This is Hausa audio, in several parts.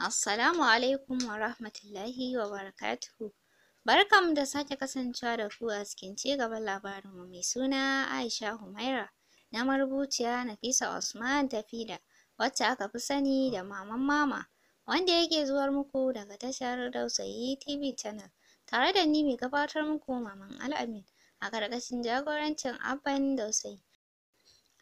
Assalamu alaikum wa rahmatullahi wa barakatuhu. Barkanmu da sake kasancewa da ku a cikin ci cigaban labarinmu mai suna Aisha Humaira na marubuciya Nafisa Usman Tafida wacce aka fi sani da Maman Mama wanda yake zuwar muku daga tashar Dausayi TV Channel tare da ni mai gabatar muku Maman Al'amin a ƙarƙashin jagorancin Abban Dausayi.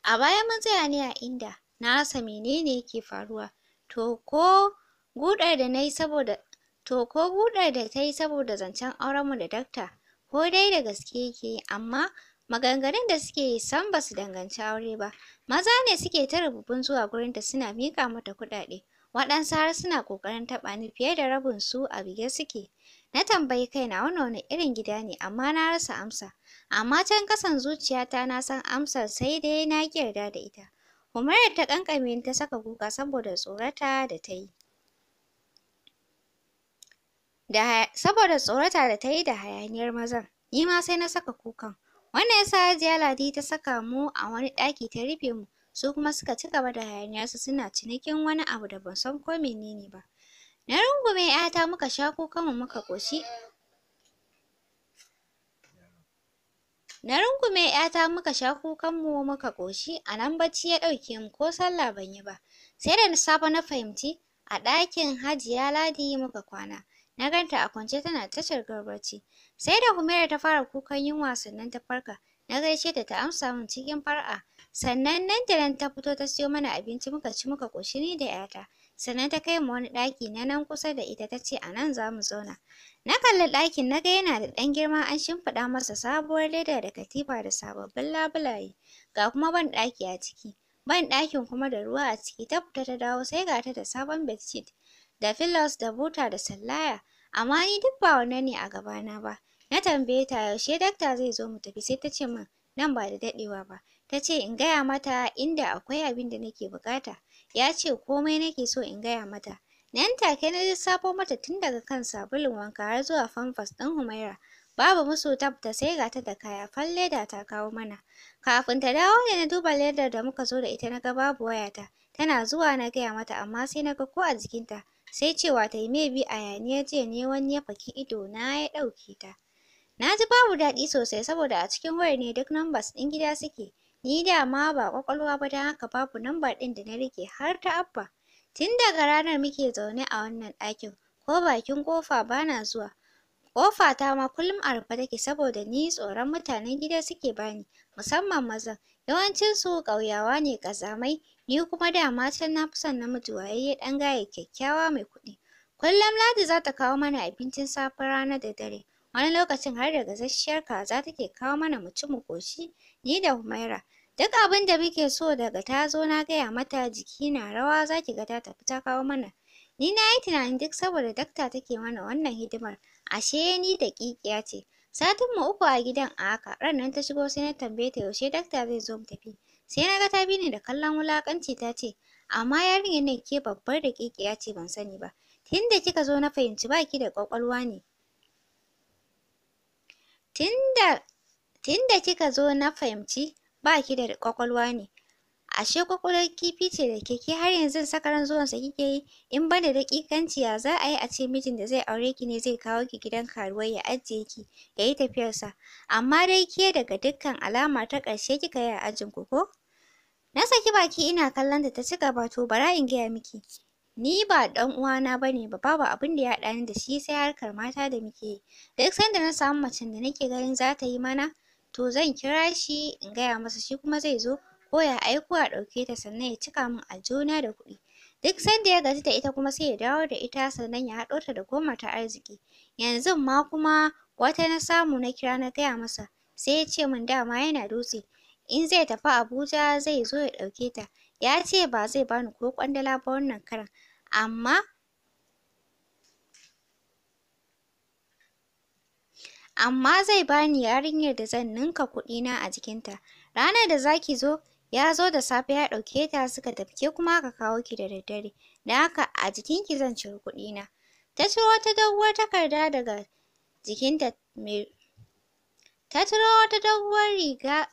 A baya mun tsaya ne a inda na rasa menene yake faruwa to ko guɗa da na yi saboda to ko guɗar da ta yi saboda zancen aurenmu da dakta ko dai da gaske yake yi amma maganganun da suke yi sam ba su danganci aure ba. Maza ne suke ta rububin zuwa gurin gurinta suna mika mata kuɗaɗe. waɗansu har suna ƙoƙarin taɓa ni fiye da rabin su a bige suke. Na tambayi kaina wannan wani irin gida ne amma na rasa amsa. Amma can ƙasan zuciyata na san amsar sai dai na ƙi yarda da ita. Humaira ta ƙanƙame ta saka kuka saboda tsorata da ta yi. da saboda tsorata da ta yi da hayaniyar mazan ni ma sai na saka kukan wannan yasa Hajiya Ladi ta saka mu a wani ɗaki ta rufe mu su kuma suka ci gaba da hayaniyarsu suna cinikin wani abu da ban san ko menene ba na rungume ƴata muka sha mu muka ƙoshi na rungume ƴata muka sha kukanmu muka ƙoshi a nan bacci ya ɗauke mu ko sallah ban yi ba sai da safe na fahimci a ɗakin Hajiya Ladi muka kwana Na ganta a kwance tana ta shirgar barci. Sai da Humaira ta fara kukan yunwa sannan ta farka. Na gaishe da ta amsa min cikin far'a. Sannan nan da nan ta fito ta siyo mana abinci muka ci muka ƙoshi ni da 'yata. Sannan ta kai mu wani ɗaki na nan kusa da ita ta ce a nan za mu zauna. Na kalli ɗakin na ga yana da ɗan girma an shimfiɗa masa sabuwar leda da katifa da sababbin labulaye. Ga kuma ban ɗaki a ciki. Ban ɗakin kuma da ruwa a ciki ta fita ta dawo sai ga ta da sabon bedsheet. da filos da buta da sallaya amma ni duk ba wannan ne a gabana ba na tambaye ta yaushe dakta zai zo mu tafi sai ta ce min nan ba da daɗewa ba ta ce in gaya mata inda akwai abin da nake buƙata ya ce komai nake so in gaya mata nan take na lissafo mata tun daga kan sabulun wanka har zuwa famfas ɗin Humaira babu musu tabta sai ga ta da kaya fal leda ta kawo mana kafin ta dawo ne na duba ledar da muka zo da ita na ga babu wayata tana zuwa na gaya mata amma sai na ga ko a jikinta sai cewa ta yi maybe a yaniyar jiya ne wani ya faki ido na ya ɗauke ta. Na ji babu daɗi sosai saboda a cikin wayar ne duk numbers ɗin gida suke. Ni da ma ba ƙwaƙwalwa ba don haka babu number ɗin da na rike har ta Abba. Tun daga ranar muke zaune a wannan ɗakin, ko bakin ƙofa bana zuwa. Ƙofa ta ma kullum a rufe take saboda ni tsoron mutanen gida suke bani, musamman mazan. Yawancinsu ƙauyawa ne ƙazamai, Ni kuma dama can na fi son namiji wayayye ɗan gaye kyakkyawa mai kuɗi. Kullum Ladi za ta kawo mana abincin safe rana da dare. Wani lokacin har da gasasshiyar kaza take kawo mana mu ci mu ƙoshi ni da Humaira. Duk abin da muke so daga ta zo na gaya mata jiki na rawa zaki ki ga ta tafi ta kawo mana. Ni na yi tunani duk saboda dakta take mana wannan hidimar. Ashe ni da daƙiƙiya ce. Satinmu uku a gidan a haka, ran nan ta shigo sai na tambaye ta yaushe dakta zai zo mu tafi. Sai na ga ta bi ni da kallon wulakanci ta ce, amma yarinyar nan ke babbar da kekeya ce ban sani ba. Tunda kika zo na fahimci ba ki da kwakwalwa ne. da kika zo na fahimci ba ki da ƙwaƙwalwa ne. ashe kwakwalwar kifi ce da keke har yanzu sakaran zuwansa kike yi in ba da daƙiƙanci ya za a yi a ce mijin da zai aure ki ne zai kawo ki gidan karuwai ya ajiye ki ya yi tafiyarsa amma dai ke daga dukkan alama ta ƙarshe kika yi a ajin ku ko na saki baki ina kallon ta ta ci gaba to bara in gaya miki ni ba ɗan uwana bane ba babu abin da ya haɗa ni da shi sai harkar mata da muke yi duk sanda na samu macen da nake ganin za ta yi mana to zan kira shi in gaya masa shi kuma zai zo ko ya aiko a ɗauke ta sannan ya cika min aljihuna da kuɗi duk sanda ya gaji da ita kuma sai ya dawo da ita sannan ya haɗo ta da goma ta arziki yanzu ma kuma wata na samu na kira na gaya masa sai ya ce min dama yana dutse in zai tafi Abuja zai zo ya ɗauke ta ya ce ba zai bani ko Kwandala ba wannan karan amma amma zai bani yarinyar da zan ninka kuɗina a jikinta ranar da zaki zo ya zo da safe ya ɗauke ta suka tafi ke kuma aka kawo ki da daddare don haka a jikinki zan ciri kuɗina ta ciro wata doguwar takarda daga jikinta me ta ciro wata doguwar riga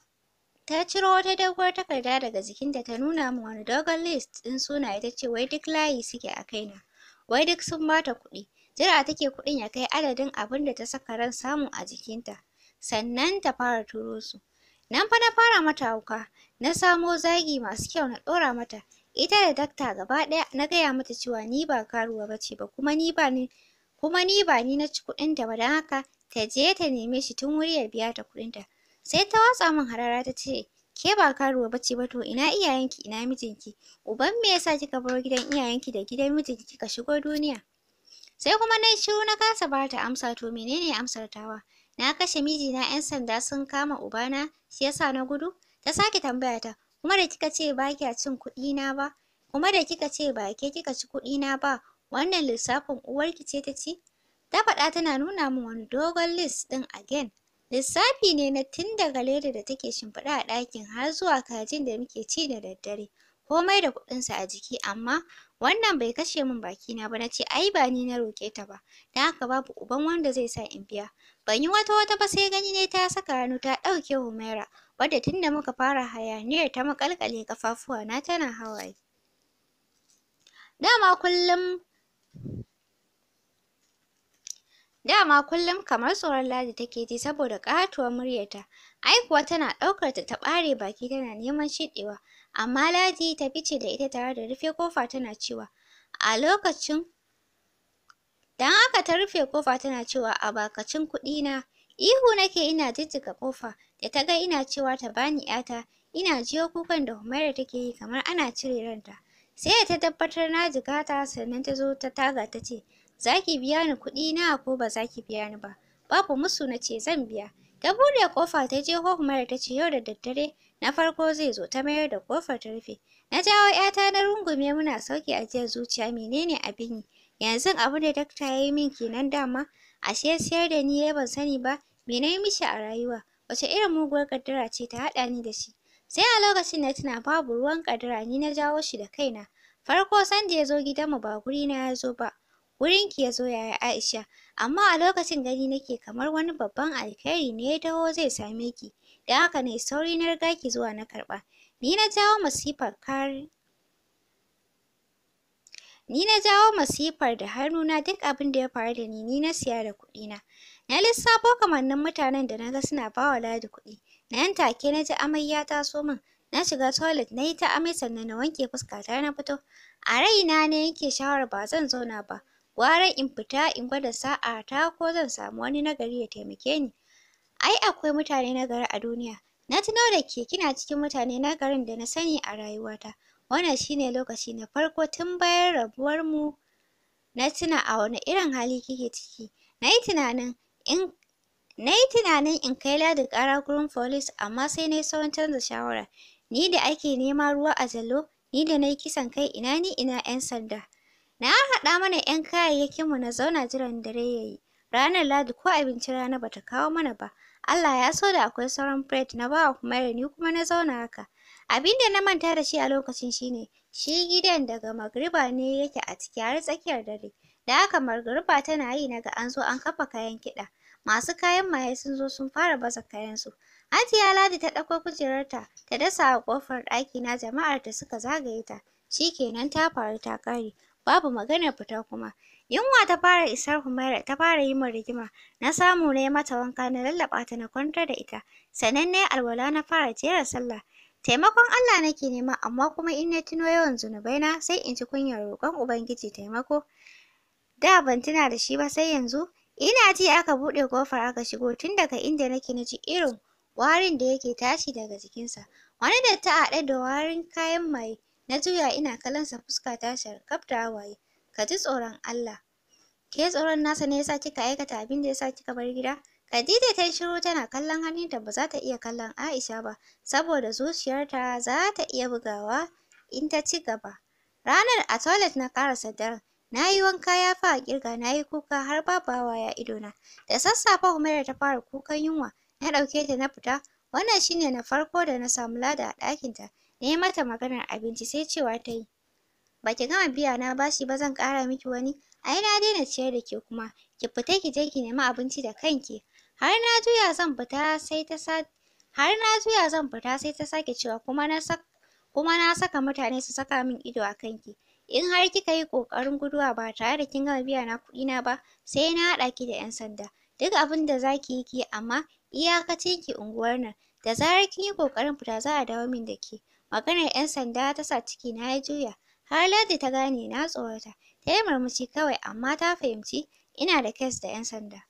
ta ciro wata doguwar takarda daga jikinta ta nuna min wani dogon list ɗin sunaye ta ce wai duk layi suke a kaina wai duk sun bata kuɗi jira take kuɗin ya kai adadin abin da ta saka ran samu a jikinta sannan ta fara turo su nan fa na fara mata hauka Na samo zagi masu kyau na dora mata. Ita da dakta gaba ɗaya na gaya mata cewa ni ba karuwa bace ba kuma ni ba ni kuma ni ba ni na ci ta ba don haka ta je ta neme shi tun wuri ya biya ta kuɗinta. Sai ta watsa min harara ta ce ke ba karuwa bace ba to ina iyayenki ina mijinki uban me yasa kika bar gidan iyayenki da gidan mijinki kika shigo duniya. Sai kuma na shiru na kasa ba ta amsa to menene amsar tawa? Na kashe mijina 'yan sanda sun kama ubana shi yasa na gudu? Ta sake tambaya ta, kuma da kika ce ba kya cin kuɗi na ba, kuma da kika ce ba ke kika ci kuɗi na ba, wannan lissafin uwarki ce ta ci? Ta faɗa tana nuna min wani dogon list ɗin again. Lissafi ne na tun daga leda da take shimfiɗa a ɗakin har zuwa kajin da muke ci da daddare. Komai da kuɗinsa a jiki amma wannan bai kashe min bakina ba na ce ai ba ni na roke ta ba. Don haka babu uban wanda zai sa in biya. Ban yi wata wata ba sai gani ne ta saka hannu ta ɗauke Humaira, wadda tun da muka fara hayaniyar ta maƙalƙale na tana hawaye. Dama kullum Dama kullum kamar tsoron Ladi take ji saboda ƙatuwar muryarta, ai kuwa tana ɗaukar ta ta ɓare baki tana neman shiɗewa, amma Ladi ta fice da ita tare da rufe ƙofa tana cewa, a lokacin Don haka ta rufe kofa tana cewa a bakacin kuɗi na!" Ihu nake ina jijjiga kofa da ta ga ina cewa ta bani ƴata, ina jiyo kukan da Humaira take yi kamar ana cire ranta. Sai da ta tabbatar na ta sannan ta zo ta taga ta ce, "Za ki biya ni kuɗi na ko ba za ki biya ni ba?" Babu musu na ce zan biya. Ta buɗe kofa ta jeho Humaira ta ce yau da daddare na farko zai zo ta mayar da kofar ta rufe. Na jawo 'yata na rungume muna sauke ajiyar zuciya menene abin yi. Yanzu abunda da dakta ya yi min kenan dama ashe siyar da ni yayi ban sani ba me nayi mishi a rayuwa wace irin muguwar kaddara ce ta haɗa ni da shi sai a lokacin na tuna babu ruwan ƙaddara ni na jawo shi da kaina farko sanda yazo zo gidanmu ba guri na yazo ba ki ya zo yaya Aisha amma a lokacin gani nake kamar wani babban alheri ne ya dawo zai same ki Dan haka ne sauri na riga ki zuwa na karɓa ni na jawo masifar kar Ni na jawo masifar da hannuna duk abin da ya faru da ni, ni na siya da kuɗina. Na lissafo kamannin mutanen da na ga suna ba wa Ladi kuɗi. Nan take na ji amai ya taso min. Na shiga toilet na yi ta amai sannan na wanke fuskata na fito. A raina na yanke shawarar ba zan zauna ba. Gwara in fita in gwada sa'a ta ko zan samu wani nagari ya taimake ni. Ai akwai mutane nagari a duniya. Na tuno da ke kina cikin mutane nagarin da na sani a rayuwata. Wannan shine lokaci na farko tun bayan rabuwar mu na tuna a wane irin hali kike ciki. Nayi tunanin in nayi tunanin in kai Ladi ƙara gurin folis amma sai nayi saurin canza shawara. Ni da ake nema ruwa a jallo, ni da nayi kisan kai ina ni ina 'yan sanda. Na haɗa mana 'yan kayayyakin mu na zauna jiran dare yayi. Ranar Ladi ko abinci rana bata kawo mana ba. Allah ya so da akwai sauran bread na bawa Humaira ni kuma na zauna haka. Abin da na manta da shi a lokacin shine shi gidan daga magriba ne yake a ciki har tsakiyar dare. Da haka magriba tana yi na ga an zo an kafa kayan kiɗa. Masu kayan maye sun zo sun fara baza kayansu. Hajiya Ladi ta ɗauko kujerarta ta dasa a ƙofar na jama'ar da suka zagaye ta. Shi kenan ta faru ta ƙare. Babu maganar fita kuma. Yunwa ta fara isar Humaira ta fara yi min rigima. Na samu na yi mata wanka na lallaɓa ta na kwantar da ita. Sannan na alwala na fara jera sallah. Taimakon Allah nake nema amma kuma in na tuno yawan na, sai in ji kunyar roƙon Ubangiji taimako. Da ban tuna da shi ba sai yanzu ina ji aka buɗe kofar aka shigo tun daga inda nake na ji irin warin da yake tashi daga jikinsa. Wani datti a haɗe da warin kayan maye na juya ina kalansa fuska ta sharkaf da hawaye. Ka ji tsoron Allah. Ke tsoron nasa ne yasa kika aikata abin da yasa kika bar gida? Khadija ta yi shiru tana kallon hannunta ba za ta iya kallon Aisha ba saboda zuciyarta za ta iya bugawa in ta ci gaba. Ranar a toilet na karasa daren. Na yi wanka ya fi a ƙirga na yi kuka har babu ya ido idona. Da sassafe Humaira ta fara kukan yunwa. Na ɗauke ta na fita. Wannan shi ne na farko da na samu lada a ɗakinta. Na yi mata maganar abinci sai cewa ta yi. Ba ki gama biya na bashi ba zan ƙara miki wani. Ai na daina ciyar da ke kuma. Ki fita ki je ki nemi abinci da kanki. Har na juya zan fita sai ta sa har na juya zan fita sai ta sake cewa kuma na saka kuma na saka mutane su saka min ido a kanki. In har kika yi ƙoƙarin guduwa ba tare da kin gama biya na kuɗi na ba, sai na haɗa ki da 'yan sanda. Duk abin da za ki yi ki yi amma iyakacin ki unguwar nan. Da zarar kin yi kokarin fita za a dawo min da ke. Maganar 'yan sanda ta sa ciki na ya juya. Har Ladi ta gane na tsorata. Ta yi murmushi kawai amma ta fahimci ina da kes da 'yan sanda.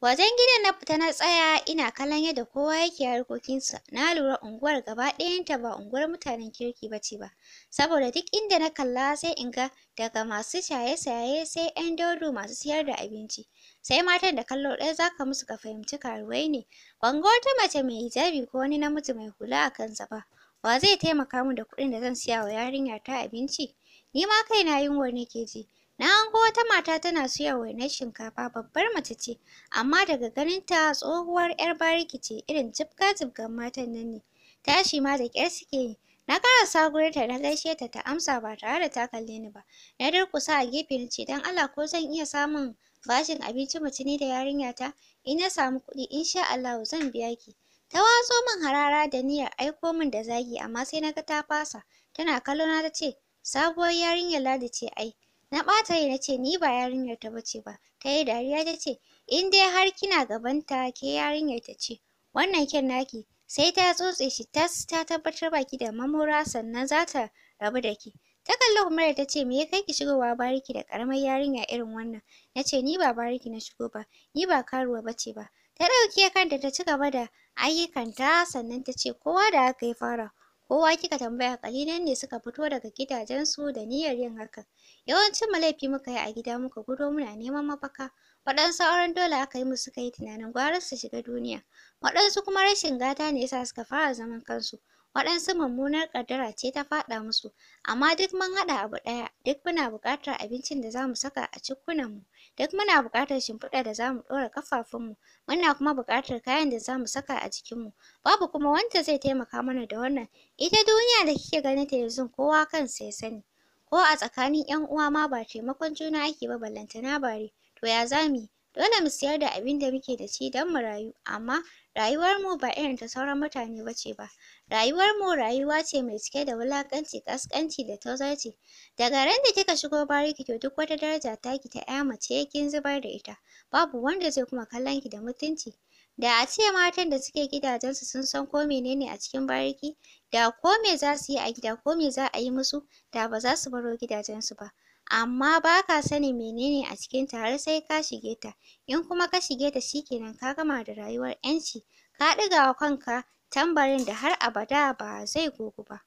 Wajen gidan na fita na tsaya ina kallon yadda kowa yake harkokinsa. Na lura unguwar gaba ɗayanta ba unguwar mutanen kirki ba ce ba. Saboda duk inda na kalla sai in ga daga masu shaye-shaye sai 'yan dodo masu siyar da abinci. Sai matan da kallo ɗaya za ka musu ka fahimci karuwai ne. Ban ga wata mace mai hijabi ko wani namiji mai hula a kansa ba. Wa zai taimaka min da kuɗin da zan siya wa yarinyar ta abinci? Ni ma kaina yunwar nake ji. Na hango wata mata tana suya wainar shinkafa babbar mace ce, amma daga ganinta tsohuwar 'yar bariki ce irin jibga-jibgan matan nan ne. Tashi ma da ƙyar suke yi. Na karasa gurinta na gaishe ta ta amsa ba tare da ta kalle ni ba. Na durƙusa a gefe na ce dan Allah ko zan iya samun bashin abinci mace ni da yarinyata? In na samu kuɗi in sha Allahu zan biya ki. Ta watso min harara da niyyar aiko min da zagi amma sai na ga ta fasa. Tana kallona ta ce sabuwar yarinyar Ladi ce ai. Na ɓata rai na ni ba yarinyar ta bace ba. Ta yi dariya ta ce, in dai har kina gabanta ke yarinyar ta ce, wannan kyan naki sai ta tsotse shi tas ta tabbatar baki da mamura sannan za ta rabu da ki. Ta kalli Humaira ta ce, me ya kai ki shigowa bariki da ƙaramar yarinya irin wannan? Na ce, ni ba bariki na shigo ba, ni ba karuwa bace ba. Ta ɗauke kanta ta ci gaba da ayyukanta sannan ta ce, kowa da haka ya fara. Kowa kika tambaya ƙalilan ne suka fito daga gidajensu da niyyar yin hakan. Yawancin mu laifi muka yi a gida muka gudo muna neman mafaka. Waɗansu auren dole aka yi musu suka tunanin gwara su shiga duniya. Waɗansu kuma rashin gata ne yasa suka fara zaman kansu. Waɗansu mummunar ƙaddara ce ta faɗa musu. Amma duk mun haɗa abu ɗaya, duk muna buƙatar abincin da zamu saka a mu duk muna buƙatar shimfiɗa da zamu mu ɗora ƙafafunmu, muna kuma buƙatar kayan da zamu saka a jikinmu. Babu kuma wanda zai taimaka mana da wannan. Ita duniya da kike ta yanzu kowa kansa ya sani. ko a tsakanin ƴan uwa ma ba taimakon juna ake ba ballantana bare to ya zamu dole mu siyar da abin da muke da shi don mu rayu amma rayuwar mu ba irin ta sauran mutane bace ba rayuwar mu rayuwa ce mai cike da wulakanci ƙasƙanci da tozarci daga ran da kika shigo bariki to duk wata daraja taki ta ƴa mace kin zubar da ita babu wanda zai kuma kallon ki da mutunci da a ce matan da suke gidajen su sun san ko menene a cikin bariki da ko me za su yi a gida ko me za a yi musu da ba za su baro gidajen su ba amma ba ka sanin menene a cikin ta har sai ka shige ta in kuma ka shige ta shikenan ka gama da rayuwar 'yanci ka ɗigawa wa kanka tambarin da har abada ba zai gogu ba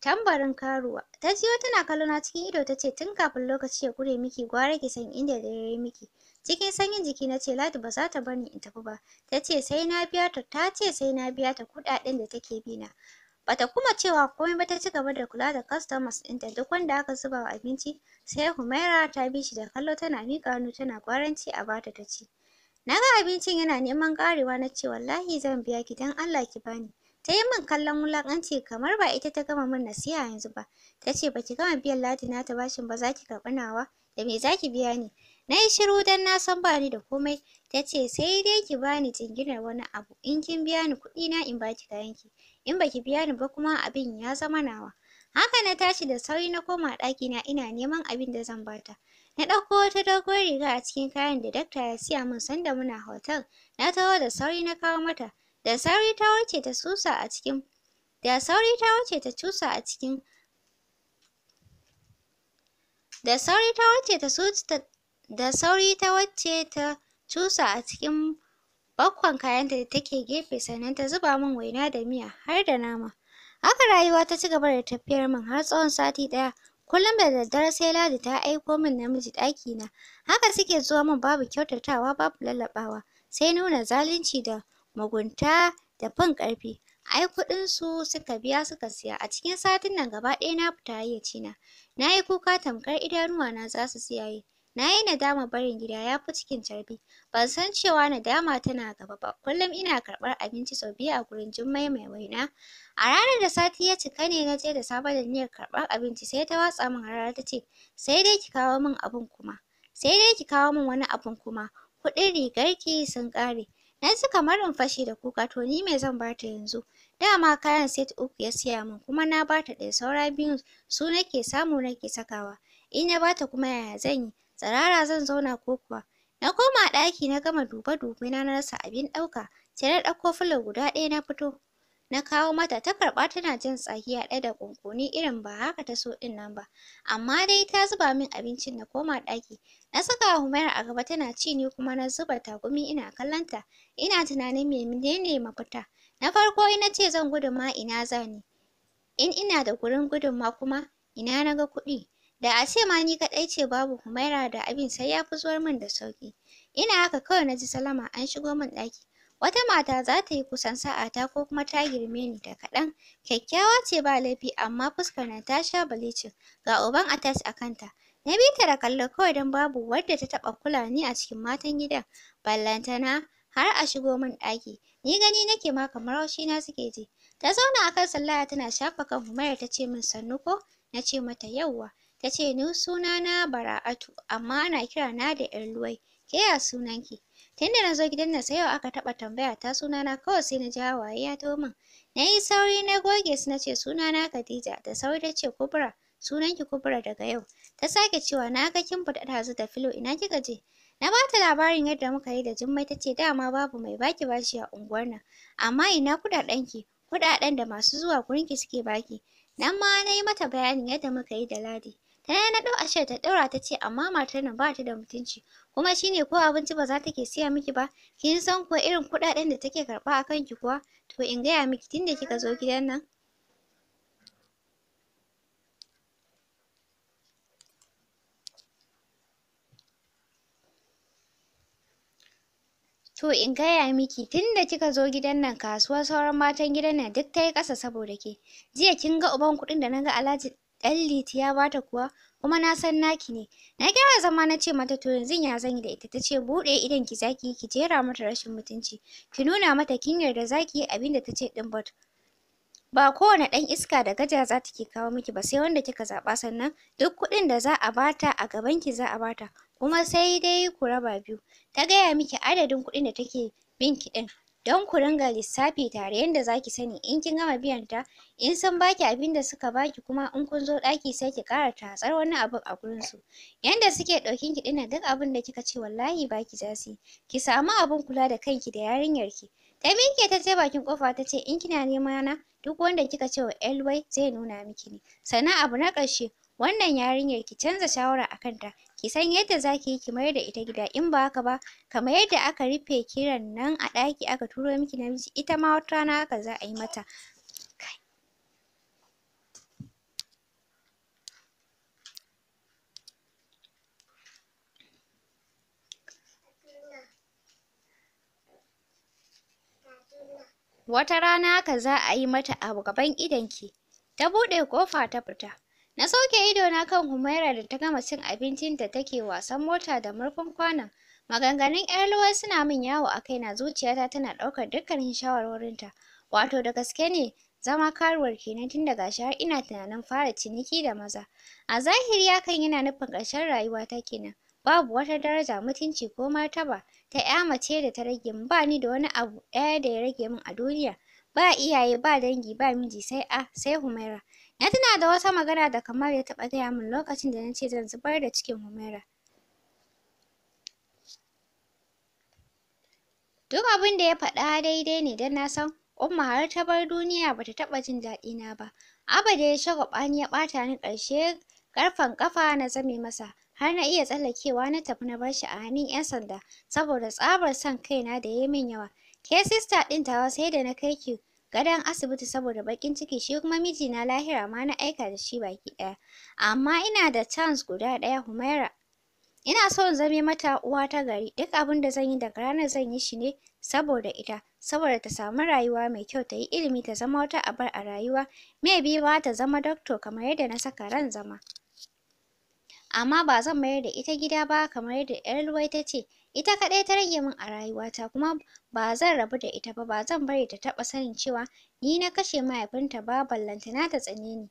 tambarin karuwa ta jiyo tana kallona cikin ido ta ce tun kafin lokaci ya ƙure miki gwara ki san inda da ya yi miki Cikin sanyin jiki na ce Ladi ba za ta bar ni in tafi ba. Ta ce sai na biya ta, ta ce sai na biya ta kuɗaɗen da take bi na. Bata kuma cewa komai ba ta ci gaba da kula da customers ta duk wanda aka zuba wa abinci sai Humaira ta bi shi da kallo tana miƙa hannu tana gwaranci a bata ta ci. Na ga abincin yana neman ƙarewa na ce wallahi zan biya ki don Allah ki bani. ta yi min kallon wulaƙanci kamar ba ita ta gama min nasiha yanzu ba ta ce ba ki gama biyan ladi na ta bashin ba za ki karɓi nawa da me za ki biya ni Na yi shiru don na san ba ni da komai. Ta ce sai dai ki bani jinginar wani abu. In kin biya ni kuɗi na in baki kayanki. In baki biya ni ba kuma abin ya zama nawa. Haka na tashi da sauri na koma ɗakina ina neman abin da zan bata. Na ɗauko wata doguwar riga a cikin kayan da dakta ya siya min sanda muna hotel. Na taho da sauri na kawo mata. Da sauri ta wuce ta susa a cikin da sauri ta wuce ta cusa a cikin da sauri ta wuce ta da sauri ta wacce ta cusa a cikin bakon kayanta da take gefe sannan ta zuba min waina da miya har da nama haka rayuwa ta ci gaba da tafiyar min har tsawon sati ɗaya kullum da daddare sai Ladi ta aiko min namiji ɗakina haka suke zuwa min babu kyautatawa babu lallaɓawa sai nuna zalunci da mugunta da fin ƙarfi ai kuɗinsu suka biya suka siya a cikin satin nan gaba ɗaya na fita hayyacina na yi kuka tamkar idanuwana za su tsiyaye Na yi nadama barin gida yafi cikin carbi. Ban san cewa nadama tana gaba ba. Kullum ina karɓar abinci sau biyu a gurin Jummai mai waina. A ranar da sati ya cika ne na je da safe da niyyar karɓar abinci sai ta watsa min harara ta ce, sai dai ki kawo min abun kuma. Sai dai ki kawo min wani abun kuma. Kuɗin rigarki sun ƙare. Na ji kamar in fashe da kuka to ni me zan bata yanzu? Dama kayan set uku ya siya min kuma na bata ɗaya saura biyun su nake samu nake sakawa. In na bata kuma yaya zan yi? tsirara zan zauna ko kuwa na koma ɗaki na gama dube-dube na rasa abin ɗauka sai na ɗauko fulo guda ɗaya na fito na kawo mata ta karɓa tana jin tsakiya ɗaya da ƙunƙuni irin ba haka ta so ɗin nan ba amma dai ta zuba min abincin na koma ɗaki na saka Humaira a gaba tana ci ni kuma na zuba takumi ina kallonta ina tunanin menene mafita na farko ina ce zan gudun ma ina za in ina da gurin gudun ma kuma ina na ga kuɗi Da a ce ma ni kaɗai ce babu Humaira da abin sai yafi zuwar min da sauki Ina haka kawai na ji salama an shigo min ɗaki. Wata mata za ta yi kusan sa'a ta ko kuma ta girme ni da kaɗan. Kyakkyawa ce ba laifi amma fuskar na ta sha bleaching Ga uban attach a kanta. Na bi ta da kallo kawai don babu wadda ta taɓa kula ni a cikin matan gidan. Ballantana har a shigo min ɗaki. Ni gani nake ma kamar haushi na suke ji. Ta zauna a kan sallaya tana shafa kan Humaira ta ce min sannu ko? Na ce mata yauwa. Ta ce ni na Bara'atu amma ana kira na da ƴar Luwai. Ke ya sunanki? Tunda na zo gidan nan sai yau aka taɓa tambaya ta sunana kawai sai na ji hawaye ya taho min. Na yi sauri na goge su na ce sunana Khadija da sauri ce Kubra ki Kubra daga yau. Ta sake cewa na ga kin fita ɗazu da filo ina kika je? Na ba ta labarin yadda muka yi da Jummai ta ce dama babu mai baki bashi a unguwar nan amma ina ki? kuɗaɗen da masu zuwa gurin gurinki suke baki. Nan ma na yi mata bayanin yadda muka yi da Ladi. Ta yaya na ɗau ashar ta ɗaura ta ce amma matar nan ba ta da mutunci kuma shi ne ko abinci ba za ta ke siya miki ba kin san kuwa irin kuɗaɗen da take karɓa a kanki kuwa to in gaya miki tunda kika zo gidan nan To in gaya miki da kika zo gidan nan kasuwar sauran matan gidan nan duk ta yi ƙasa saboda ke. Jiya kin ga uban kuɗin da na ga Alhaji 'yan litiya ya bata kuwa kuma na san naki ne na gyara zama na ce mata to yanzu ya zan yi da ita ta ce buɗe idan ki zaki ki jera mata rashin mutunci ki nuna mata kin yarda zaki yi abin da ta ce ɗin but ba kowane ɗan iska da gaja za ta ke kawo miki ba sai wanda kika zaɓa sannan duk kuɗin da za a bata a gaban ki za a bata kuma sai dai ku raba biyu ta gaya miki adadin kuɗin da take bin ki ɗin don ku ringa lissafi tare yadda za ki sani in kin gama biyan ta in sun baki abin da suka baki kuma in kun zo ɗaki sai ki ƙara tatsar wani abin a gurin su yanda suke ɗaukin ki ɗina duk abin da kika ce wallahi baki za su yi ki samu abin kula da kanki da yarinyar ki ta miƙe ta je bakin kofa ta ce in kina nema na duk wanda kika ce wa L.Y. zai nuna miki ne sannan abu na ƙarshe wannan yarinyar ki canza shawara a kanta ki san yadda za ki yi ki mayar da ita gida in ba haka ba kamar yadda aka rufe kiran nan a ɗaki aka turo miki namiji ita ma wata rana haka za a yi mata wata rana haka za a yi mata abu gaban idonki ta buɗe ƙofa ta fita Na sauke idona kan Humaira da ta gama cin abincin da take wasan mota da murfin kwanon. Maganganun 'yar luwai suna min yawo a kaina zuciyata tana ɗaukar dukkanin shawarwarinta. Wato da gaske ne zama karuwar kenan tun gashi shi har ina tunanin fara ciniki da maza. A zahiri hakan yana nufin ƙarshen ta kenan. Babu wata daraja mutunci ko martaba ta ƴa mace da ta rage min ba ni da wani abu ɗaya da ya rage min a duniya. Ba iyaye ba dangi ba miji sai a sai Humaira. Na tuna da wata magana da Kamal ya taɓa gaya min lokacin da na ce zan zubar da cikin Humaira. Duk abin da ya faɗa daidai ne don na san Umma har ta bar duniya bata taɓa jin daɗina ba. Abba da ya sha ni ya ɓata ni ƙarshe ƙarfen ƙafa na zame masa. Har na iya tsallakewa na tafi na bar shi a hannun 'yan sanda saboda tsabar son kaina da ya yi min yawa. Ke sista ɗin tawa sai da na kai ki gadon asibiti saboda bakin ciki shi kuma mijina lahira ma na aika da shi baki ɗaya amma ina da chance guda ɗaya Humaira ina so in zame mata uwa ta gari duk abin da zan yi daga ranar zan yi shi ne saboda ita saboda ta samu rayuwa mai kyau ta yi ilimi ta zama wata abar a rayuwa maybe ba ta zama doctor kamar yadda na saka ran zama amma ba zan mayar da ita gida ba kamar yadda ƴar Luwai ta ce Ita kaɗai ta rage min a rayuwata kuma ba zan rabu da ita ba, ba zan bari ta taba sanin cewa ni na kashe mahaifinta ba na ta tsane ni.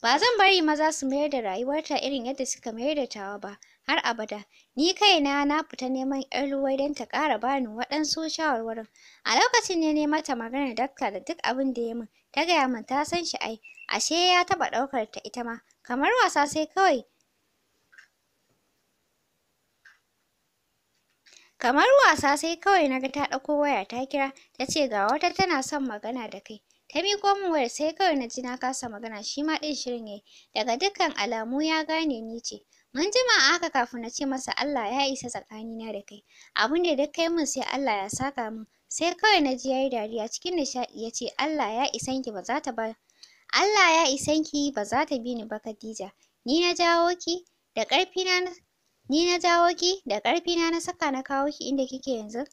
Ba zan bari maza su mayar da rayuwarta irin yadda suka mayar da tawa ba, har abada. Ni kaina na fita neman ƴar luwai don ta kara bani waɗansu shawarwarin. A lokacin ne ne mata maganar dakta da duk abin da ya min, ta gaya min ta san shi ai, ashe ya taɓa ɗaukar ta ita ma, kamar wasa sai kawai Kamar wasa sai kawai na ga ta ɗauko waya ta kira ta ce ga wata tana son magana da kai. Ta miƙo min waya sai kawai na ji na kasa magana shi ma ɗin shirin yayi. Daga dukkan alamu ya gane ni ce. Mun jima a haka kafin na ce masa Allah ya isa tsakanina da kai. Abin da duk kai min sai Allah ya saka min. Sai kawai na ji yayi dariya cikin nishaɗi ya ce Allah ya isan ki ba za ta ba Allah ya isan ki ba za ta bi ni ba Khadija. Ni na jawo ki da ƙarfina na Ni na jawo ki da ƙarfi na na saka na kawo ki inda kike yanzu.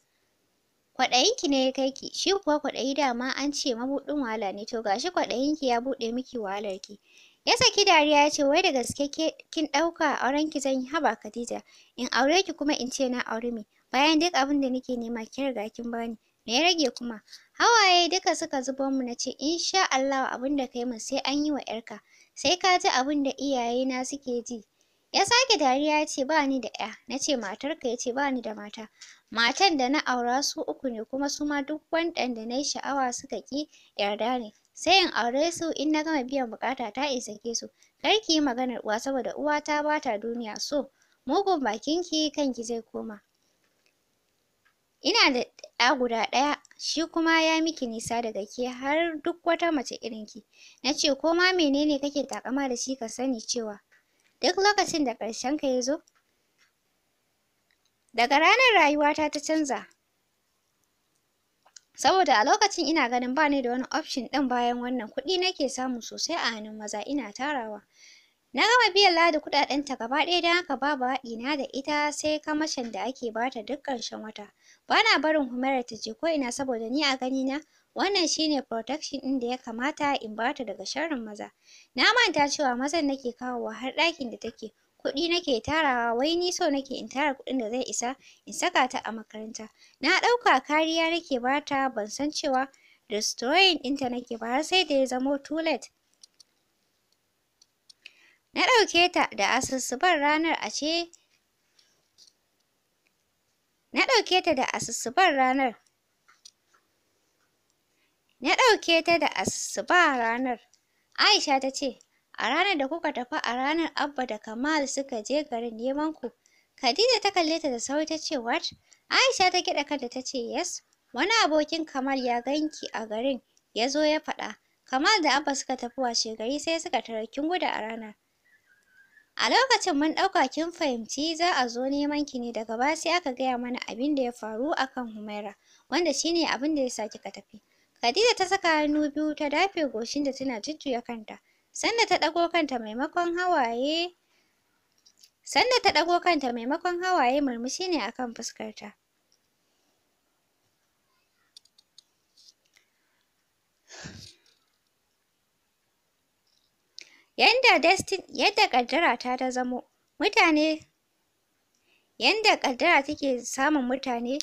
Kwaɗayinki ne ya kai ki, shi kuwa kwaɗayi dama an ce mabuɗin wahala ne, to gashi kwaɗayin ki ya buɗe miki wahalar ki. Ya saki dariya ya ce wai da gaske kin ɗauka ki zan yi haba Khadija, in aure ki kuma in ce na aure me, bayan duk abin da nake nema ki riga kin bani, me ya rage kuma? Hawaye duka suka zubo mu na ce insha Allah abin da kai mu sai an yi wa 'yarka, sai ka ji abin da iyayena suke ji. Ya sake dariya ya ce ba ni da ƴa, na ce matarka ya ce ba ni da mata. Matan da na aura su uku ne kuma su ma duk waɗanda na yi sha'awa suka ƙi yarda ne. Sai in aure su in na gama biyan buƙata ta in sake su. Kar ki yi maganar uwa saboda uwa ta ba ta duniya so. Mugun bakinki kanki zai koma. Ina da ɗa guda ɗaya, shi kuma ya miki nisa daga ke har duk wata mace irinki. Na ce ko ma menene kake taƙama da shi ka sani cewa duk lokacin da ƙarshenka ya zo. Daga ranar rayuwata ta canza. Saboda a lokacin ina ganin ba ni da wani option ɗin bayan wannan kuɗi nake samu sosai a hannun maza ina tarawa. Na gama biyan Ladi kuɗaɗen ta gaba ɗaya don haka babu haɗina da ita sai kamashin da ake bata duk ƙarshen wata. Ba na barin Humaira ta je ko ina saboda ni a ganina Wannan shine protection ɗin da ya kamata in bata daga sharrin maza. Na manta cewa mazan nake kawowa har ɗakin da take. Kuɗi nake tarawa wai ni so nake in tara kuɗin da zai isa in saka ta a makaranta. Na ɗauka kariya nake bata ban san cewa destroying ɗinta nake ba har sai da ya zamo too late. Na ɗauke ta da asussubar ranar Na ɗauke ta da ranar Na ɗauke ta da asuba ranar. Aisha ta ce, a ranar da kuka tafi a ranar Abba da Kamal suka je garin neman ku. Khadija ta kalle ta da sauri ta ce, what? Aisha ta kiɗa kanta ta ce, yes. Wani abokin Kamal ya ganki a garin, ya zo ya faɗa. Kamal da Abba suka tafi washe gari sai suka tarar kin gudu a ranar. A lokacin mun ɗauka kin fahimci za a zo neman ki ne daga baya sai aka gaya mana abin da ya faru akan Humaira, wanda shine abin da ya sa kika tafi. Khadija ta saka hannu biyu ta dafe goshin da tana jujjuya kanta. Sanda ta ɗago kanta maimakon hawaye Sanda ta ɗago kanta maimakon hawaye murmushi ne akan fuskarta. Yanda destin yadda ƙaddara ta ta zamo mutane yanda ƙaddara take samun mutane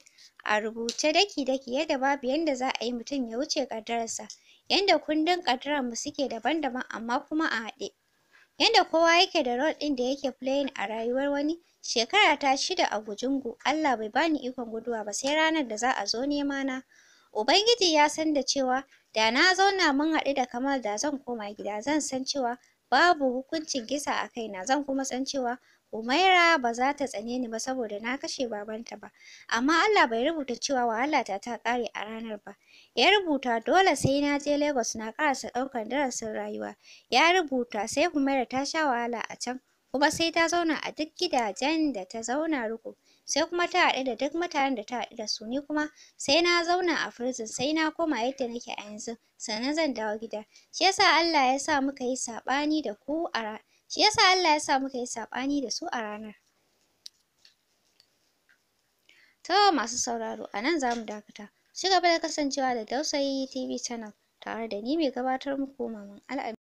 a rubuce daki-daki yadda babu yadda za a yi mutum ya wuce ƙaddararsa yanda kundin ƙaddararmu suke daban-daban amma kuma a haɗe yanda kowa yake da role ɗin da yake playing a rayuwar wani shekara ta shida a Gujungu Allah bai bani ikon guduwa ba sai ranar da za a zo nema na Ubangiji ya san da cewa da na zauna mun haɗu da Kamal da zan koma gida zan san cewa babu hukuncin kisa a kaina zan kuma san cewa Umaira ba za ta tsane ni ba saboda na kashe babanta ba, amma Allah bai rubuta cewa wahala ta ta kare a ranar ba. Ya rubuta dole sai na je Lagos na karasa ɗaukar darasin rayuwa. Ya rubuta sai Umaira ta sha wahala a can, kuma sai ta zauna a duk gidajen da ta zauna ruku. sai kuma ta haɗu da duk mutanen da ta haɗu da su ni kuma sai na zauna a prison sai na koma yadda nake a yanzu sannan zan dawo gida shi yasa Allah ya sa muka yi saɓani da ku a Shi yasa Allah ya sa muka yi saɓani da su a ranar. To masu sauraro a nan za mu dakata. Ci gaba da kasancewa da Dausayi TV Channel tare da ni mai gabatar muku Maman al'adu.